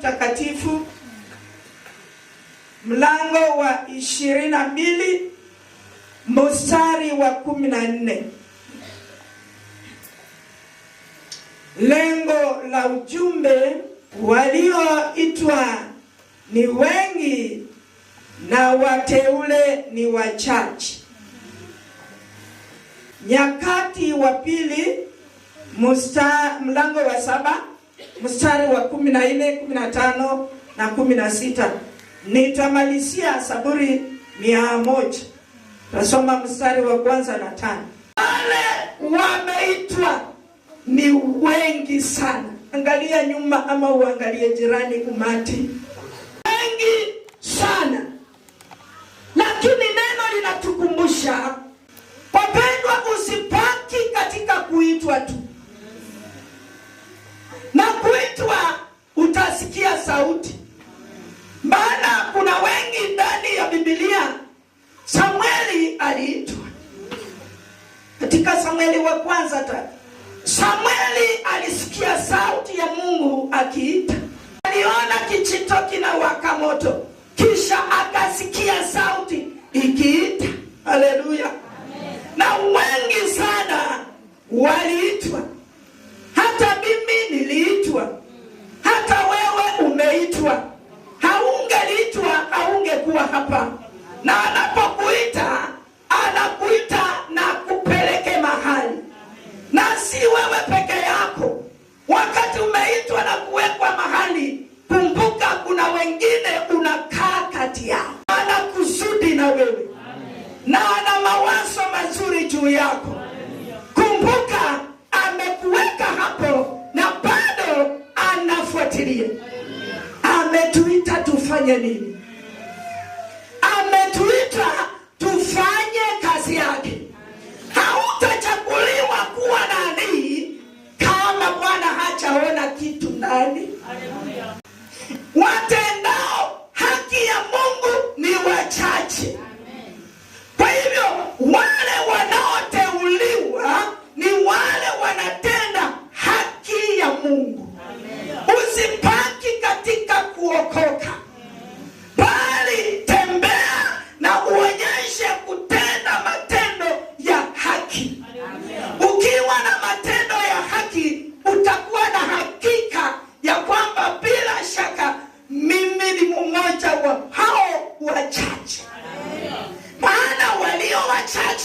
Mtakatifu mlango wa ishirini na mbili mstari wa kumi na nne. Lengo la ujumbe, walioitwa ni wengi na wateule ni wachache. Nyakati wa pili mstari mlango wa saba mstari wa kumi na nne kumi na tano na kumi na sita Nitamalizia saburi mia moja tasoma mstari wa kwanza na tano Wale wameitwa ni wengi sana. Angalia nyuma ama uangalie jirani, umati Biblia Samueli aliitwa katika Samueli wa kwanza ta samweli alisikia sauti ya Mungu akiita, aliona kichito kinawaka moto, kisha akasikia sauti ikiita. Haleluya! na wengi sana wali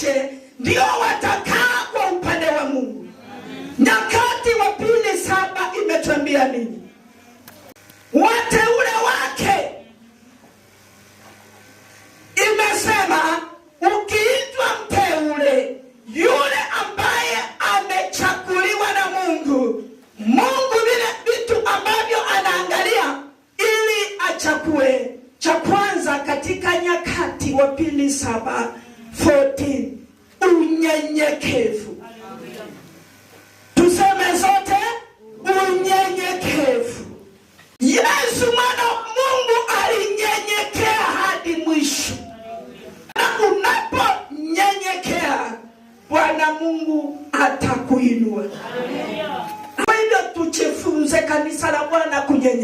wachache ndio wata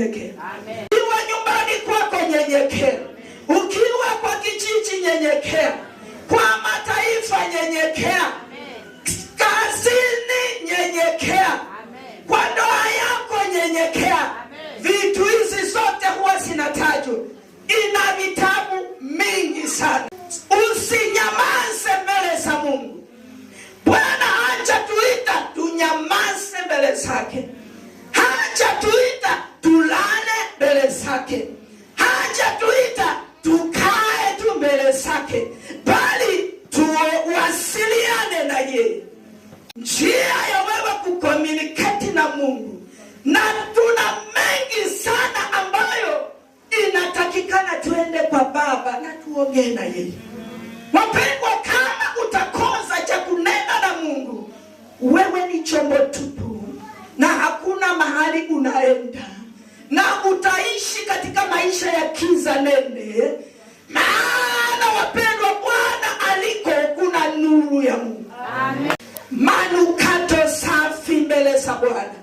nyenyekevu. Ukiwa nyumbani kwako nyenyekea ukiwa kwa kijiji nyenyekea, kwa mataifa nyenyekea, kazini nyenyekea, kwa ndoa yako nyenyekea. Vitu hizi zote huwa zinatajwa, ina vitabu mingi sana. Usinyamaze mbele za Mungu. Bwana hacha tuita tunyamaze mbele zake, hacha tuita zake, hajatuita tukae tu mbele zake, bali tuwasiliane na yeye. Njia ya wewe kukomuniketi na Mungu, na tuna mengi sana ambayo inatakikana tuende kwa Baba na tuongee na yeye. Wapendwa, kama utakosa cha kunena na Mungu, wewe ni chombo tupu na hakuna mahali unaenda na utaishi katika maisha ya nene maana wapendwa, Bwana aliko kuna nuru ya Mungu. Amen. Manukato safi mbele za Bwana.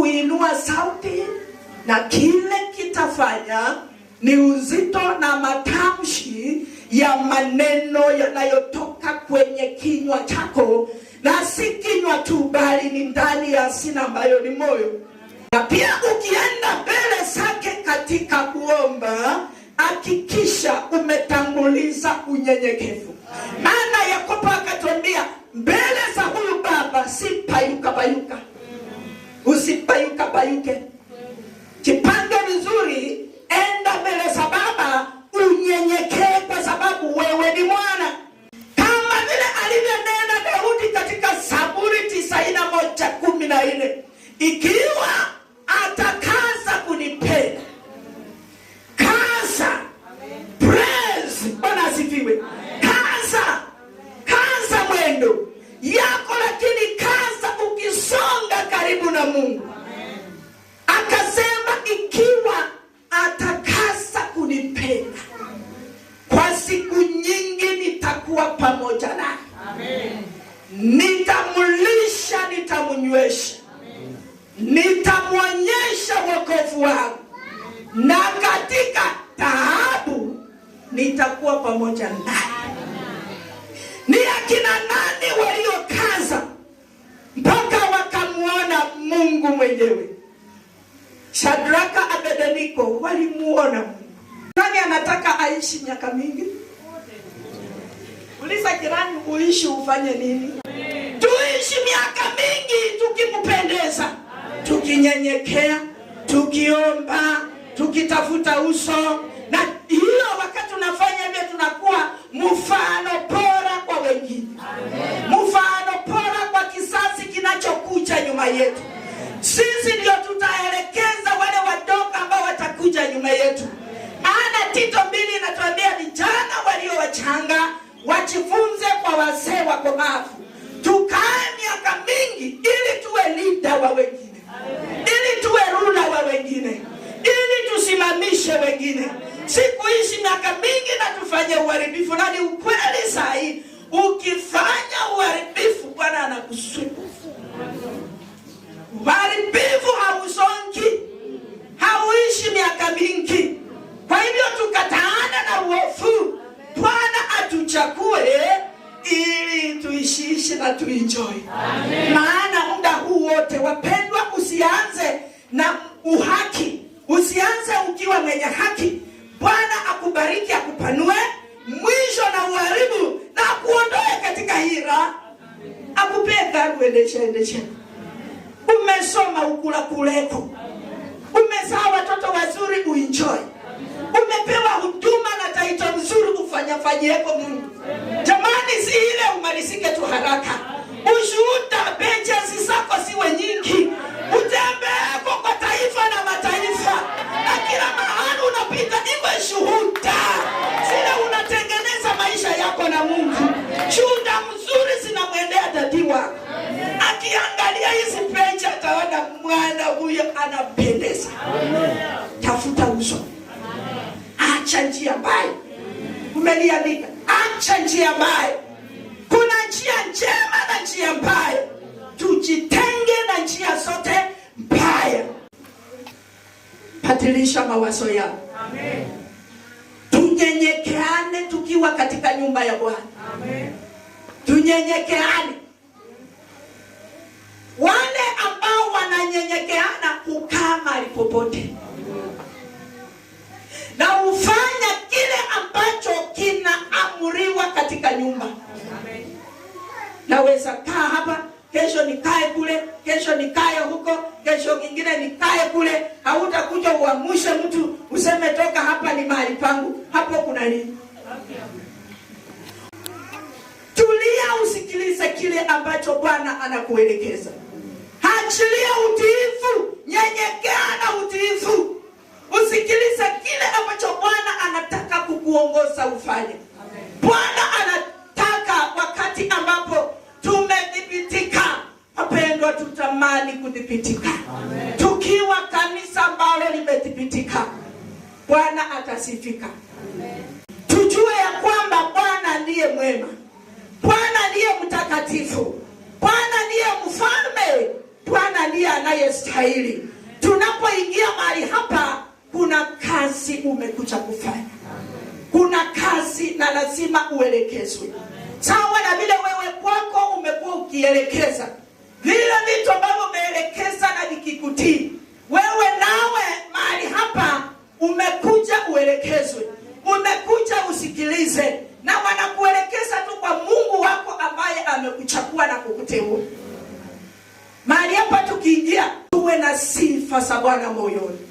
kuinua sauti, na kile kitafanya ni uzito na matamshi ya maneno yanayotoka kwenye kinywa chako, na si kinywa tu, bali ni ndani ya sina ambayo ni moyo. Na pia ukienda mbele zake katika kuomba, hakikisha umetanguliza unyenyekevu, maana upayuke. Jipange vizuri, enda mbele za Baba, unyenyekee kwa sababu wewe ni mwana, kama vile alivyonena Daudi katika Zaburi tisini na moja kumi na nne iki nitamwonyesha wokovu wangu, na katika taabu nitakuwa pamoja naye. Ni akina nani waliokaza mpaka wakamwona Mungu mwenyewe? Shadraka, abedeniko walimuona Mungu. Nani anataka aishi miaka mingi? Uliza jirani, uishi ufanye nini? Tuishi miaka mingi tukimpendeza tukinyenyekea, tukiomba, tukitafuta uso na hiyo, wakati unafanya hivyo tunakuwa mfano bora kwa wengine, mfano bora kwa kisasi kinachokuja nyuma yetu. Sisi ndio tutaelekeza wale wadogo ambao watakuja nyuma yetu. Maana Tito mbili inatuambia ni fulani ukweli sahi, ukifanya uharibifu, Bwana anakusibu. Uharibifu hausonki hauishi miaka mingi. Kwa hivyo tukataana na uofu Bwana atuchakue ili tuishiishi na tuinjoi. Maana muda huu wote, wapendwa, usianze na uhaki, usianze ukiwa mwenye haki. Bwana akubariki akupanue kuharibu na kuondoe katika hira, akupee gari uendesha endesha. Umesoma ukula kuleko, umezaa watoto wazuri uenjoy, umepewa huduma na taito mzuri ufanyafanyeko Mungu. Jamani, si huyo anapendeza. Tafuta uso, acha njia mbaya. Umeniandika, acha njia mbaya. Kuna njia njema na njia mbaya, tujitenge na njia zote mbaya. Patilisha mawazo yao, tunyenyekeane tukiwa katika nyumba ya Bwana, tunyenyekeane wale wananyenyekeana kukaa mali popote na hufanya kile ambacho kinaamuriwa katika nyumba. Naweza kaa hapa kesho nikae kule, kesho nikae huko, kesho kingine nikae kule. Hautakuja uamushe mtu useme toka hapa, ni mahali pangu. Hapo kuna nini? Tulia, usikilize kile ambacho Bwana anakuelekeza. Achilia utiifu, nyenyekea na utiifu, usikilize kile ambacho Bwana anataka kukuongoza ufanye. Bwana anataka wakati ambapo tumedhibitika, wapendwa, tutamani kudhibitika. Tukiwa kanisa ambalo limedhibitika, Bwana atasifika. Amen. Tujue ya kwamba Bwana ndiye mwema, Bwana ndiye mtakatifu. anayestahili. Tunapoingia mahali hapa, kuna kazi umekuja kufanya, kuna kazi na lazima uelekezwe sawa na vile wewe kwako umekuwa ukielekeza vile vitu ambavyo umeelekeza na vikikutii wewe, nawe mahali hapa umekuja uelekezwe, umekuja usikilize, na wanakuelekeza tu kwa Mungu wako ambaye amekuchagua na kukuteua ukiingia, tuwe na sifa za Bwana moyoni.